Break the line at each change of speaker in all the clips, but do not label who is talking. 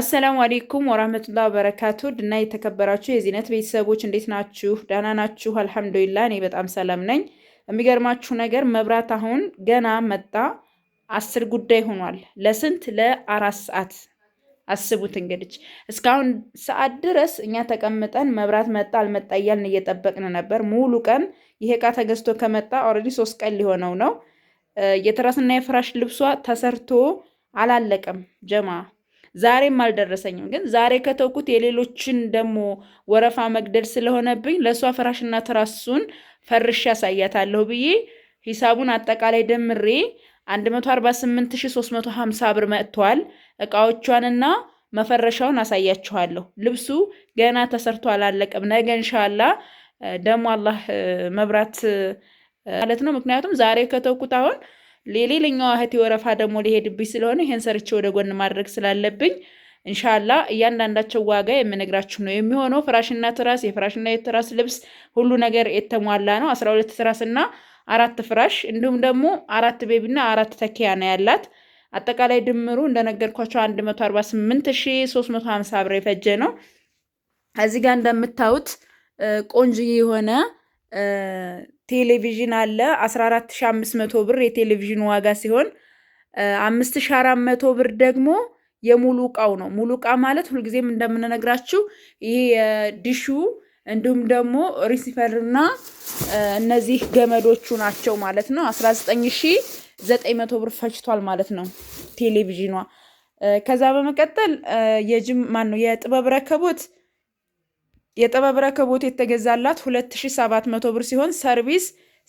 አሰላሙ አሌይኩም ወራህመቱላ በረካቱ ድና የተከበራችሁ የዚህነት ቤተሰቦች እንዴት ናችሁ? ደህና ናችሁ? አልሐምዱሊላ እኔ በጣም ሰላም ነኝ። የሚገርማችሁ ነገር መብራት አሁን ገና መጣ አስር ጉዳይ ሆኗል። ለስንት ለአራት ሰዓት አስቡት እንግዲህ እስካሁን ሰዓት ድረስ እኛ ተቀምጠን መብራት መጣ አልመጣ እያልን እየጠበቅን ነበር። ሙሉ ቀን ይሄ ዕቃ ተገዝቶ ከመጣ ኦልሬዲ ሶስት ቀን ሊሆነው ነው። የትራስና የፍራሽ ልብሷ ተሰርቶ አላለቀም ጀማ ዛሬም አልደረሰኝም። ግን ዛሬ ከተውኩት የሌሎችን ደግሞ ወረፋ መግደል ስለሆነብኝ ለእሷ ፍራሽና ትራሱን ፈርሽ ያሳያታለሁ ብዬ ሂሳቡን አጠቃላይ ደምሬ 148350 ብር መጥቷል። እቃዎቿንና መፈረሻውን አሳያችኋለሁ። ልብሱ ገና ተሰርቶ አላለቀም። ነገ እንሻላ ደግሞ አላህ መብራት ማለት ነው። ምክንያቱም ዛሬ ከተውኩት አሁን ሌላኛዋ እህቴ ወረፋ ደግሞ ሊሄድብኝ ስለሆነ ይሄን ሰርቼ ወደ ጎን ማድረግ ስላለብኝ እንሻላ እያንዳንዳቸው ዋጋ የምነግራችሁ ነው የሚሆነው። ፍራሽና ትራስ፣ የፍራሽና የትራስ ልብስ ሁሉ ነገር የተሟላ ነው። አስራ ሁለት ትራስና አራት ፍራሽ እንዲሁም ደግሞ አራት ቤቢና አራት ተኪያ ነው ያላት። አጠቃላይ ድምሩ እንደነገርኳቸው 148350 ብር የፈጀ ነው። እዚህ ጋር እንደምታዩት ቆንጆ የሆነ ቴሌቪዥን አለ 14500 ብር የቴሌቪዥን ዋጋ ሲሆን 5400 ብር ደግሞ የሙሉ እቃው ነው። ሙሉ እቃ ማለት ሁልጊዜም እንደምንነግራችሁ ይሄ የዲሹ እንዲሁም ደግሞ ሪሲቨርና እነዚህ ገመዶቹ ናቸው ማለት ነው። 19900 ብር ፈጅቷል ማለት ነው ቴሌቪዥኗ። ከዛ በመቀጠል የጅም ማን ነው የጥበብ ረከቦት የጥበብ ረከቦት የተገዛላት 2700 ብር ሲሆን ሰርቪስ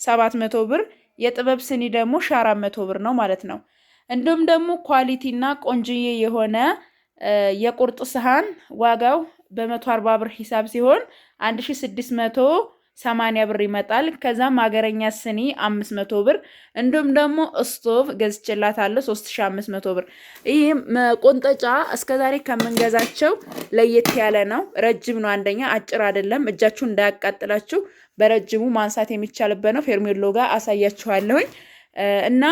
700 ብር፣ የጥበብ ስኒ ደግሞ 400 ብር ነው ማለት ነው። እንዲሁም ደግሞ ኳሊቲና ቆንጅዬ የሆነ የቁርጥ ሰሃን ዋጋው በ140 ብር ሂሳብ ሲሆን 1600 ሰማንያ ብር ይመጣል። ከዛም ሀገረኛ ስኒ አምስት መቶ ብር እንዲሁም ደግሞ ስቶቭ ገዝችላታለሁ ሶስት ሺ አምስት መቶ ብር። ይህ መቆንጠጫ እስከዛሬ ከምንገዛቸው ለየት ያለ ነው። ረጅም ነው። አንደኛ አጭር አይደለም። እጃችሁ እንዳያቃጥላችሁ በረጅሙ ማንሳት የሚቻልበት ነው። ፌርሜሎ ጋር አሳያችኋለሁኝ እና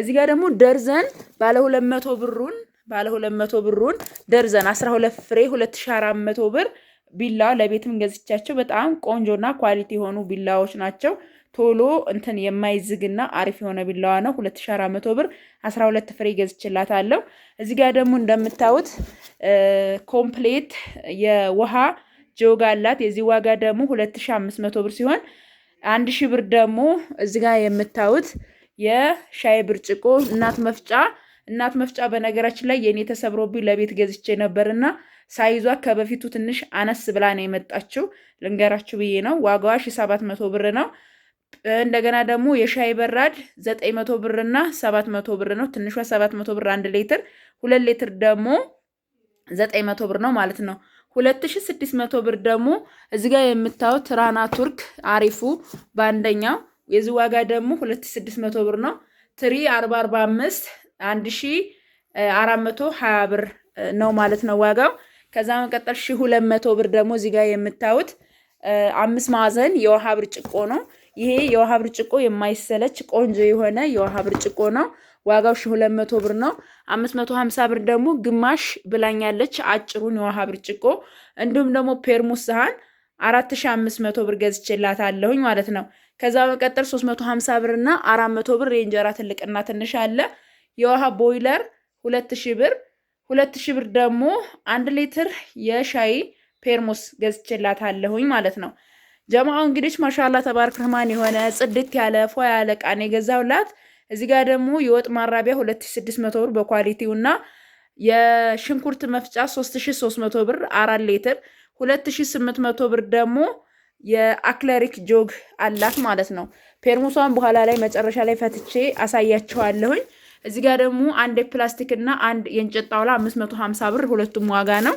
እዚህ ጋር ደግሞ ደርዘን ባለ ሁለት መቶ ብሩን ባለ ሁለት መቶ ብሩን ደርዘን አስራ ሁለት ፍሬ ሁለት ሺ አራት መቶ ብር ቢላ ለቤትም ገዝቻቸው በጣም ቆንጆና ኳሊቲ የሆኑ ቢላዎች ናቸው። ቶሎ እንትን የማይዝግና አሪፍ የሆነ ቢላዋ ነው። 2400 ብር 12 ፍሬ ገዝችላታለሁ። እዚህ ጋር ደግሞ እንደምታዩት ኮምፕሌት የውሃ ጆግ አላት። የዚህ ዋጋ ደግሞ 2500 ብር ሲሆን አንድ ሺህ ብር ደግሞ እዚህ ጋር የምታዩት የሻይ ብርጭቆ እናት መፍጫ እናት መፍጫ በነገራችን ላይ የእኔ ተሰብሮብኝ ለቤት ገዝቼ ነበርና ሳይዟ ከበፊቱ ትንሽ አነስ ብላ ነው የመጣችው። ልንገራችሁ ብዬ ነው። ዋጋዋ ሺ ሰባት መቶ ብር ነው። እንደገና ደግሞ የሻይ በራድ ዘጠኝ መቶ ብር እና ሰባት መቶ ብር ነው። ትንሿ ሰባት መቶ ብር አንድ ሌትር፣ ሁለት ሌትር ደግሞ ዘጠኝ መቶ ብር ነው ማለት ነው። ሁለት ሺ ስድስት መቶ ብር ደግሞ እዚ ጋር የምታዩት ራና ቱርክ አሪፉ በአንደኛው የዚህ ዋጋ ደግሞ ሁለት ሺ ስድስት መቶ ብር ነው። ትሪ አርባ አርባ አምስት አንድ ሺ አራት መቶ ሀያ ብር ነው ማለት ነው ዋጋው። ከዛ መቀጠል ሺ ሁለት መቶ ብር ደግሞ እዚህ ጋር የምታዩት አምስት ማዕዘን የውሃ ብርጭቆ ነው። ይሄ የውሃ ብርጭቆ የማይሰለች ቆንጆ የሆነ የውሃ ብርጭቆ ነው። ዋጋው ሺ ሁለት መቶ ብር ነው። አምስት መቶ ሀምሳ ብር ደግሞ ግማሽ ብላኛለች አጭሩን የውሃ ብርጭቆ እንዲሁም ደግሞ ፔርሙስ ሳህን አራት ሺ አምስት መቶ ብር ገዝቼላት አለሁኝ ማለት ነው። ከዛ በመቀጠል ሶስት መቶ ሀምሳ ብር እና አራት መቶ ብር የእንጀራ ትልቅና ትንሽ አለ። የውሃ ቦይለር ሁለት ሺ ብር ሁለት ሺህ ብር ደግሞ አንድ ሊትር የሻይ ፔርሙስ ገዝቼላታለሁኝ ማለት ነው። ጀማው እንግዲህ ማሻላ ተባርክ ረህማን የሆነ ጽድት ያለ ፎ ያለ ቃን የገዛሁላት። እዚህ ጋር ደግሞ የወጥ ማራቢያ 2600 ብር በኳሊቲው እና የሽንኩርት መፍጫ 3300 ብር አራት ሊትር 2800 ብር ደግሞ የአክለሪክ ጆግ አላት ማለት ነው። ፔርሙሷን በኋላ ላይ መጨረሻ ላይ ፈትቼ አሳያችኋለሁኝ። እዚህ ጋር ደግሞ አንድ የፕላስቲክ እና አንድ የእንጨት ጣውላ 550 ብር ሁለቱም ዋጋ ነው።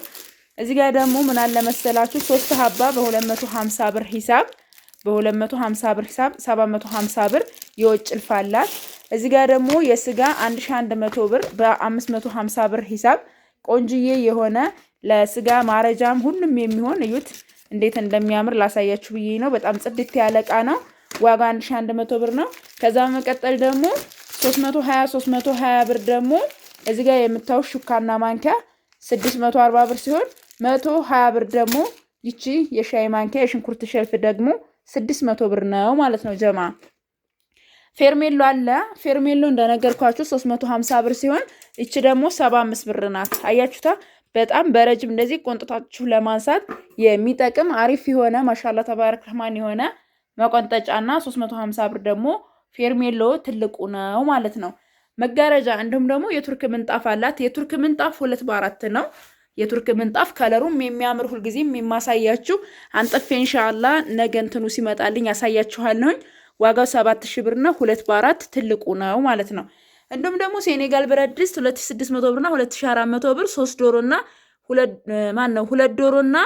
እዚህ ጋር ደግሞ ምን አለ መሰላችሁ ሶስት ሀባ በ250 ብር ሂሳብ በ250 ብር ሂሳብ 750 ብር የወጭ ጭልፋ አላት። እዚህ ጋር ደግሞ የስጋ 1100 ብር በ550 ብር ሂሳብ ቆንጅዬ የሆነ ለስጋ ማረጃም ሁሉም የሚሆን እዩት እንዴት እንደሚያምር ላሳያችሁ ብዬ ነው። በጣም ጽድት ያለ እቃ ነው። ዋጋ 1100 ብር ነው። ከዛ በመቀጠል ደግሞ 320 320 ብር ደግሞ እዚህ ጋር የምታዩት ሹካና ማንኪያ 640 ብር ሲሆን 120 ብር ደግሞ ይቺ የሻይ ማንኪያ የሽንኩርት ሸልፍ ደግሞ 600 ብር ነው ማለት ነው ጀማ። ፌርሜሎ አለ። ፌርሜሎ እንደነገርኳችሁ 350 ብር ሲሆን ይቺ ደግሞ 75 ብር ናት። አያችሁታ። በጣም በረጅም እንደዚህ ቆንጥታችሁ ለማንሳት የሚጠቅም አሪፍ የሆነ ማሻላ ተባረክ ረህማን የሆነ መቆንጠጫና 350 ብር ደግሞ ፌርሜሎ ትልቁ ነው ማለት ነው። መጋረጃ እንዲሁም ደግሞ የቱርክ ምንጣፍ አላት። የቱርክ ምንጣፍ ሁለት በአራት ነው። የቱርክ ምንጣፍ ከለሩም የሚያምር ሁልጊዜም የማሳያችሁ አንጥፌ እንሻላ ነገ እንትኑ ሲመጣልኝ ያሳያችኋለሁኝ። ዋጋው ሰባት ሺ ብር ነው። ሁለት በአራት ትልቁ ነው ማለት ነው። እንዲሁም ደግሞ ሴኔጋል ብረት ድስት ሁለት ሺ ስድስት መቶ ብር እና ሁለት ሺ አራት መቶ ብር ሶስት ዶሮ እና ማን ነው ሁለት ዶሮ እና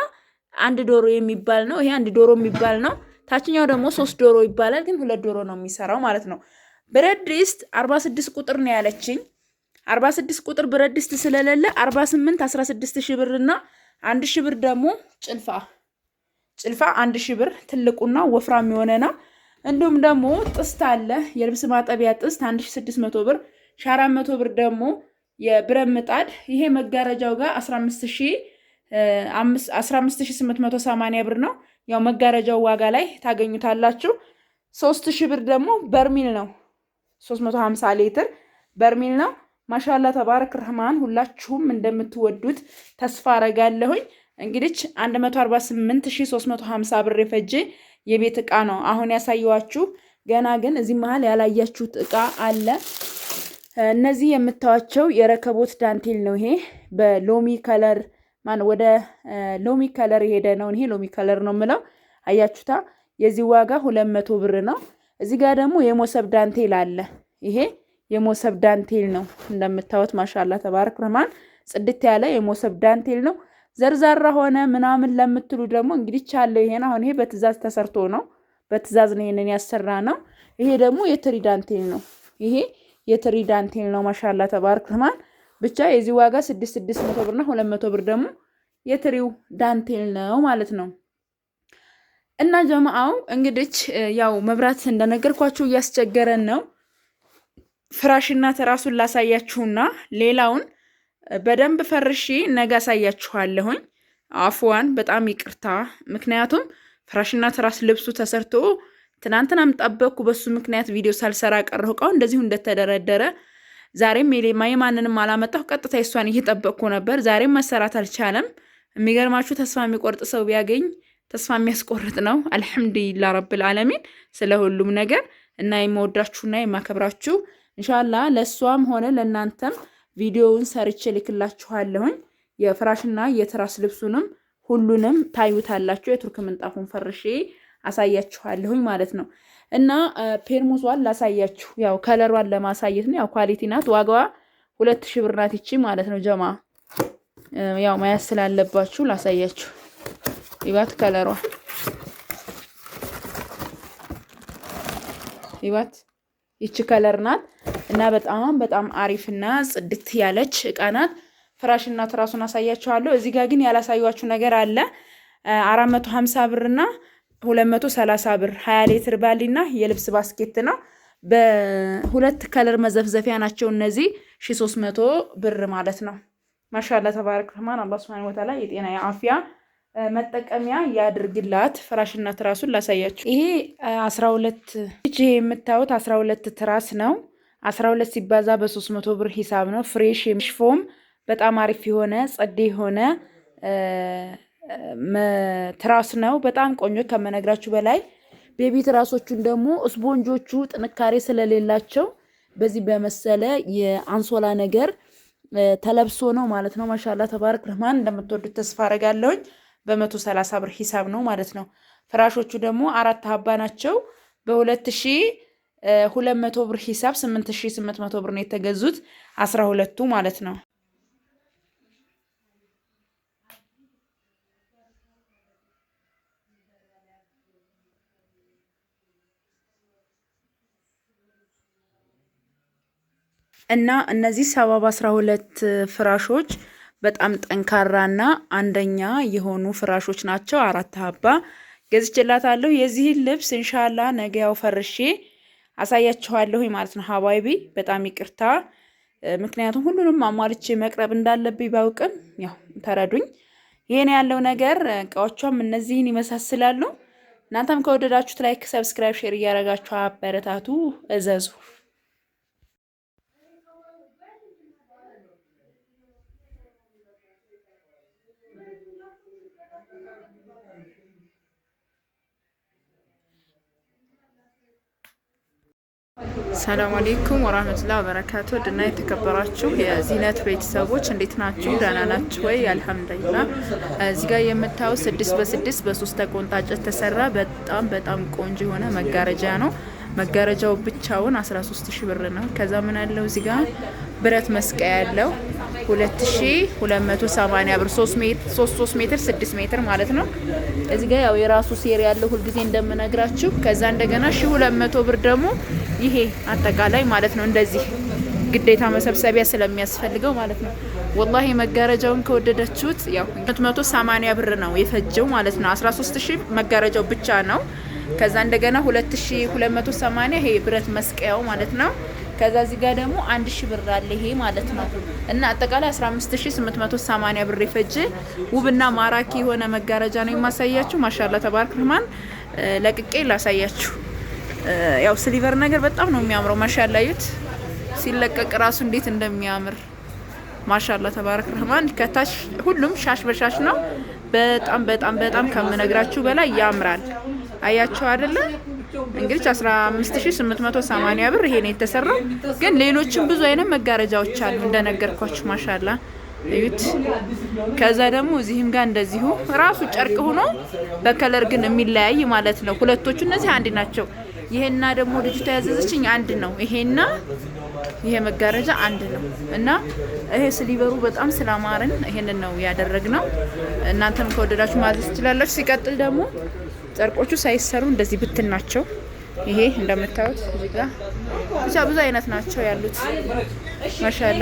አንድ ዶሮ የሚባል ነው። ይሄ አንድ ዶሮ የሚባል ነው። ታችኛው ደግሞ ሶስት ዶሮ ይባላል፣ ግን ሁለት ዶሮ ነው የሚሰራው ማለት ነው። ብረት ድስት አርባ ስድስት ቁጥር ነው ያለችኝ። አርባ ስድስት ቁጥር ብረት ድስት ስለሌለ አርባ ስምንት አስራ ስድስት ሺህ ብር እና አንድ ሺህ ብር ደግሞ ጭልፋ ጭልፋ አንድ ሺህ ብር ትልቁና ወፍራም የሆነ ነው። እንዲሁም ደግሞ ጥስት አለ የልብስ ማጠቢያ ጥስት አንድ ሺህ ስድስት መቶ ብር ሺህ አራት መቶ ብር ደግሞ የብረት ምጣድ ይሄ መጋረጃው ጋር አስራ አምስት ሺ አስራ አምስት ሺህ ስምንት መቶ ሰማንያ ብር ነው። ያው መጋረጃው ዋጋ ላይ ታገኙታላችሁ። ሶስት ሺህ ብር ደግሞ በርሚል ነው። ሀምሳ ሊትር በርሚል ነው። ማሻላ ተባረክ ረህማን፣ ሁላችሁም እንደምትወዱት ተስፋ አረጋለሁኝ። እንግዲህ 148350 ብር የፈጀ የቤት እቃ ነው አሁን ያሳየዋችሁ። ገና ግን እዚህ መሀል ያላያችሁት እቃ አለ። እነዚህ የምታዋቸው የረከቦት ዳንቴል ነው። ይሄ በሎሚ ከለር ማን ወደ ሎሚ ከለር የሄደ ነው። ይሄ ሎሚ ከለር ነው የምለው አያችሁታ። የዚህ ዋጋ ሁለት መቶ ብር ነው። እዚህ ጋር ደግሞ የሞሰብ ዳንቴል አለ። ይሄ የሞሰብ ዳንቴል ነው እንደምታዩት። ማሻላ ተባረክ ረማን ጽድት ያለ የሞሰብ ዳንቴል ነው። ዘርዛራ ሆነ ምናምን ለምትሉ ደግሞ እንግዲህ ቻለው። ይሄን አሁን ይሄ በትእዛዝ ተሰርቶ ነው፣ በትእዛዝ ነው ይሄንን ያሰራ ነው። ይሄ ደግሞ የትሪ ዳንቴል ነው። ይሄ የትሪ ዳንቴል ነው። ማሻላ ተባረክ ረማን ብቻ የዚህ ዋጋ ስድስት ስድስት መቶ ብር እና ሁለት መቶ ብር ደግሞ የትሪው ዳንቴል ነው ማለት ነው። እና ጀማአው እንግዲህ ያው መብራት እንደነገርኳችሁ እያስቸገረን ነው። ፍራሽና ተራሱን ላሳያችሁና ሌላውን በደንብ ፈርሺ ነገ አሳያችኋለሁኝ። አፍዋን በጣም ይቅርታ። ምክንያቱም ፍራሽና ትራስ ልብሱ ተሰርቶ ትናንትናም ጠበቅኩ። በሱ ምክንያት ቪዲዮ ሳልሰራ ቀረሁ። እቃው እንደዚሁ እንደተደረደረ ዛሬም የሌማ የማንንም አላመጣሁ። ቀጥታ የእሷን እየጠበቅኩ ነበር። ዛሬም መሰራት አልቻለም። የሚገርማችሁ ተስፋ የሚቆርጥ ሰው ቢያገኝ ተስፋ የሚያስቆርጥ ነው። አልሐምዱሊላ ረብል ዓለሚን ስለ ሁሉም ነገር እና የመወዳችሁና የማከብራችሁ እንሻላ ለእሷም ሆነ ለእናንተም ቪዲዮውን ሰርቼ ልክላችኋለሁኝ። የፍራሽና የትራስ ልብሱንም ሁሉንም ታዩታላችሁ። የቱርክ ምንጣፉን ፈርሼ አሳያችኋለሁኝ ማለት ነው። እና ፔርሙዟን ላሳያችሁ፣ ያው ከለሯን ለማሳየት ነው። ያው ኳሊቲ ናት። ዋጋዋ ሁለት ሺ ብር ናት ይቺ ማለት ነው። ጀማ ያው መያዝ ስላለባችሁ ላሳያችሁ። ይባት ከለሯ ይባት ይቺ ከለር ናት እና በጣም በጣም አሪፍና ጽድት ያለች እቃ ናት። ፍራሽና ትራሱን አሳያችኋለሁ። እዚህ ጋር ግን ያላሳዩችሁ ነገር አለ ሀምሳ ብርና 230 ብር 20 ሌትር ባሊና የልብስ ባስኬት ነው። በሁለት ከለር መዘፍዘፊያ ናቸው እነዚህ 300 ብር ማለት ነው። ማሻላ ተባረክ ረህማን። አላህ ሱብሃነሁ ወተዓላ የጤና የአፍያ መጠቀሚያ ያድርግላት። ፍራሽና ትራሱን ላሳያችሁ። ይሄ 12 ይሄ የምታዩት 12 ትራስ ነው። 12 ሲባዛ በ300 ብር ሂሳብ ነው። ፍሬሽ ፎም በጣም አሪፍ የሆነ ጸዴ የሆነ ትራስ ነው። በጣም ቆንጆ ከመነግራችሁ በላይ ቤቢ ትራሶቹን ደግሞ እስቦንጆቹ ጥንካሬ ስለሌላቸው በዚህ በመሰለ የአንሶላ ነገር ተለብሶ ነው ማለት ነው። ማሻላ ተባረክ ረህማን እንደምትወዱት ተስፋ አረጋለሁኝ። በመቶ ሰላሳ ብር ሂሳብ ነው ማለት ነው። ፍራሾቹ ደግሞ አራት ሀባ ናቸው። በሁለት ሺ ሁለት መቶ ብር ሂሳብ ስምንት ሺ ስምንት መቶ ብር ነው የተገዙት አስራ ሁለቱ ማለት ነው። እና እነዚህ ሰባ በአስራ ሁለት ፍራሾች በጣም ጠንካራና አንደኛ የሆኑ ፍራሾች ናቸው። አራት ሀባ ገዝቼላታለሁ። የዚህን ልብስ እንሻላ ነገ ያው ፈርሼ አሳያችኋለሁ ማለት ነው። ሀባይቢ በጣም ይቅርታ፣ ምክንያቱም ሁሉንም አሟልቼ መቅረብ እንዳለብኝ ባውቅም ያው ተረዱኝ። ይህን ያለው ነገር እቃዎቿም እነዚህን ይመሳስላሉ። እናንተም ከወደዳችሁት ላይክ፣ ሰብስክራይብ፣ ሼር እያደረጋችሁ አበረታቱ፣ እዘዙ። ሰላም አሌይኩም ወራህመቱላ ወበረካቱ ድና የተከበራችሁ የዚህነት ቤተሰቦች እንዴት ናችሁ? ደህና ናችሁ ወይ? አልሐምዱሊላ። እዚህ ጋር የምታዩት ስድስት በስድስት በሶስት ተቆንጣጭ ተሰራ በጣም በጣም ቆንጆ የሆነ መጋረጃ ነው። መጋረጃው ብቻውን 13 ሺ ብር ነው። ከዛ ምን ያለው እዚህ ጋር ብረት መስቀያ ያለው 2280 ብር 3 ሜትር 6 ሜትር ማለት ነው። እዚህ ጋር ያው የራሱ ሴር ያለው ሁልጊዜ እንደምነግራችሁ። ከዛ እንደገና 1200 ብር ደግሞ ይሄ አጠቃላይ ማለት ነው እንደዚህ ግዴታ መሰብሰቢያ ስለሚያስፈልገው ማለት ነው። ወላሂ መጋረጃውን ከወደደችሁት ያው 180 ብር ነው የፈጀው ማለት ነው። 13000 መጋረጃው ብቻ ነው። ከዛ እንደገና 2280 ይሄ ብረት መስቀያው ማለት ነው። ከዛ እዚህ ጋር ደግሞ 1000 ብር አለ ይሄ ማለት ነው። እና አጠቃላይ 15880 ብር የፈጀ ውብና ማራኪ የሆነ መጋረጃ ነው የማሳያችሁ። ማሻላ ተባርክ ረህማን ለቅቄ ላሳያችሁ ያው ስሊቨር ነገር በጣም ነው የሚያምረው። ማሻላ ዩት ሲለቀቅ ራሱ እንዴት እንደሚያምር ማሻላ ተባረክ ረህማን። ከታች ሁሉም ሻሽ በሻሽ ነው። በጣም በጣም በጣም ከምነግራችሁ በላይ ያምራል። አያችሁ አይደለ? እንግዲህ 15880 ብር ይሄ ነው የተሰራው። ግን ሌሎችም ብዙ አይነት መጋረጃዎች አሉ እንደነገርኳችሁ። ማሻላ እዩት። ከዛ ደግሞ እዚህም ጋር እንደዚሁ ራሱ ጨርቅ ሆኖ በከለር ግን የሚለያይ ማለት ነው። ሁለቶቹ እነዚህ አንድ ናቸው። ይሄና ደግሞ ልጅቷ ያዘዘችኝ አንድ ነው። ይሄና ይሄ መጋረጃ አንድ ነው እና ይሄ ስሊቨሩ በጣም ስላማረን ይሄንን ነው ያደረግነው። እናንተም ከወደዳችሁ ማዘዝ ትችላላችሁ። ሲቀጥል ደግሞ ጨርቆቹ ሳይሰሩ እንደዚህ ብትን ናቸው። ይሄ እንደምታዩት እዚህ ብቻ ብዙ አይነት ናቸው ያሉት። ማሻላ